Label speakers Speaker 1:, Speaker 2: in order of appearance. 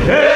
Speaker 1: Hey!